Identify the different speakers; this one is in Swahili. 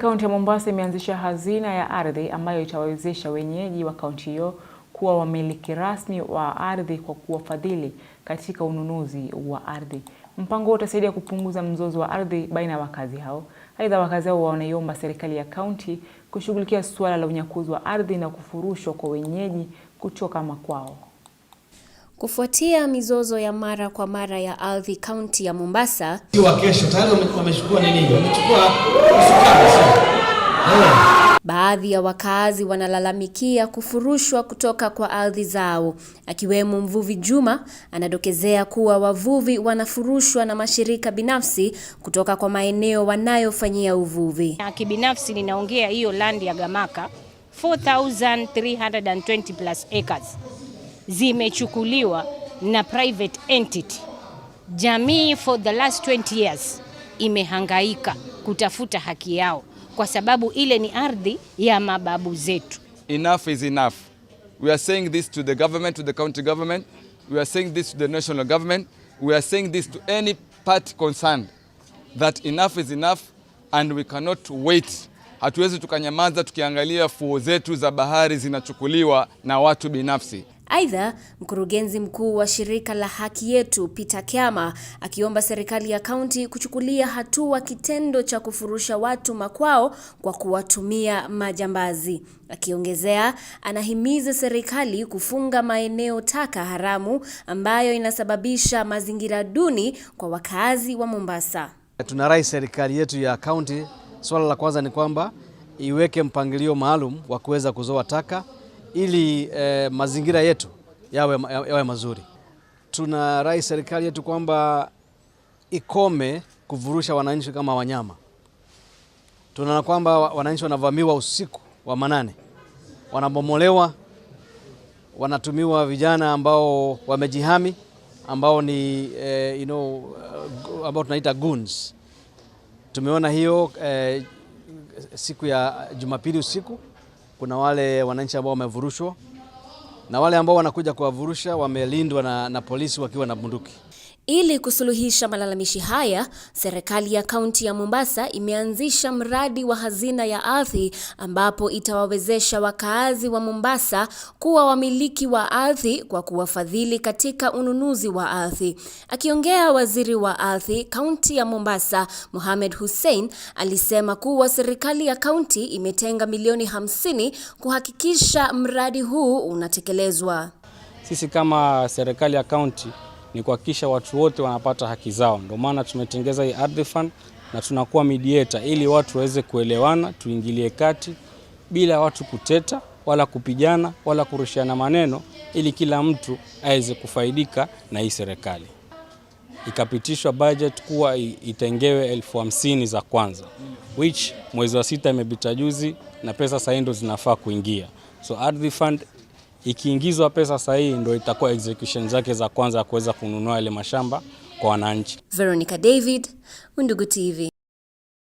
Speaker 1: Kaunti ya Mombasa imeanzisha hazina ya ardhi ambayo itawawezesha wenyeji wa kaunti hiyo kuwa wamiliki rasmi wa ardhi kwa kuwafadhili katika ununuzi wa ardhi. Mpango huo utasaidia kupunguza mzozo wa ardhi baina ya wakazi hao. Aidha, wakazi hao wanaiomba serikali ya kaunti kushughulikia suala la unyakuzi wa ardhi na kufurushwa kwa wenyeji kutoka makwao.
Speaker 2: Kufuatia mizozo ya mara kwa mara ya ardhi kaunti ya Mombasa, baadhi ya wakaazi wanalalamikia kufurushwa kutoka kwa ardhi zao, akiwemo mvuvi Juma anadokezea kuwa wavuvi wanafurushwa na mashirika binafsi kutoka kwa maeneo wanayofanyia uvuvi.
Speaker 3: Na kibinafsi ninaongea hiyo land ya Gamaka 4320 plus acres zimechukuliwa na private entity. Jamii for the last 20 years imehangaika kutafuta haki yao, kwa sababu ile ni ardhi ya mababu zetu.
Speaker 4: Enough is enough. We are saying this to the government, to the county government. We are saying this to the national government. We are saying this to any party concerned that enough is enough and we cannot wait. Hatuwezi tukanyamaza tukiangalia fuo zetu za bahari zinachukuliwa na watu binafsi.
Speaker 2: Aidha, mkurugenzi mkuu wa shirika la Haki Yetu Peter Kiama akiomba serikali ya kaunti kuchukulia hatua kitendo cha kufurusha watu makwao kwa kuwatumia majambazi. Akiongezea, anahimiza serikali kufunga maeneo taka haramu ambayo inasababisha mazingira duni kwa wakazi wa Mombasa.
Speaker 5: Tunarai serikali yetu ya kaunti, swala la kwanza ni kwamba iweke mpangilio maalum wa kuweza kuzoa taka ili eh, mazingira yetu yawe, yawe mazuri. Tuna rai serikali yetu kwamba ikome kuvurusha wananchi kama wanyama. Tunaona kwamba wananchi wanavamiwa usiku wa manane, wanabomolewa, wanatumiwa vijana ambao wamejihami ambao ni eh, you know, eh, ambao tunaita goons. Tumeona hiyo eh, siku ya Jumapili usiku kuna wale wananchi ambao wamevurushwa na wale ambao wanakuja kuwavurusha wamelindwa na, na polisi wakiwa na bunduki.
Speaker 2: Ili kusuluhisha malalamishi haya, serikali ya kaunti ya Mombasa imeanzisha mradi wa hazina ya ardhi ambapo itawawezesha wakaazi wa Mombasa kuwa wamiliki wa ardhi kwa kuwafadhili katika ununuzi wa ardhi. Akiongea waziri wa ardhi kaunti ya Mombasa, Mohamed Hussein alisema kuwa serikali ya kaunti imetenga milioni hamsini kuhakikisha mradi huu unatekelezwa.
Speaker 6: Sisi kama serikali ya kaunti ni kuhakikisha watu wote wanapata haki zao. Ndio maana tumetengeza hii Ardhi Fund na tunakuwa mediator ili watu waweze kuelewana, tuingilie kati bila watu kuteta wala kupigana wala kurushiana maneno, ili kila mtu aweze kufaidika na hii serikali. Ikapitishwa budget kuwa itengewe elfu hamsini za kwanza, which mwezi wa sita imepita juzi, na pesa sasa ndo zinafaa kuingia. So Ardhi Fund ikiingizwa pesa sahihi ndio itakuwa execution zake za kwanza ya kuweza kununua ile mashamba kwa wananchi. Veronica David, Undugu TV.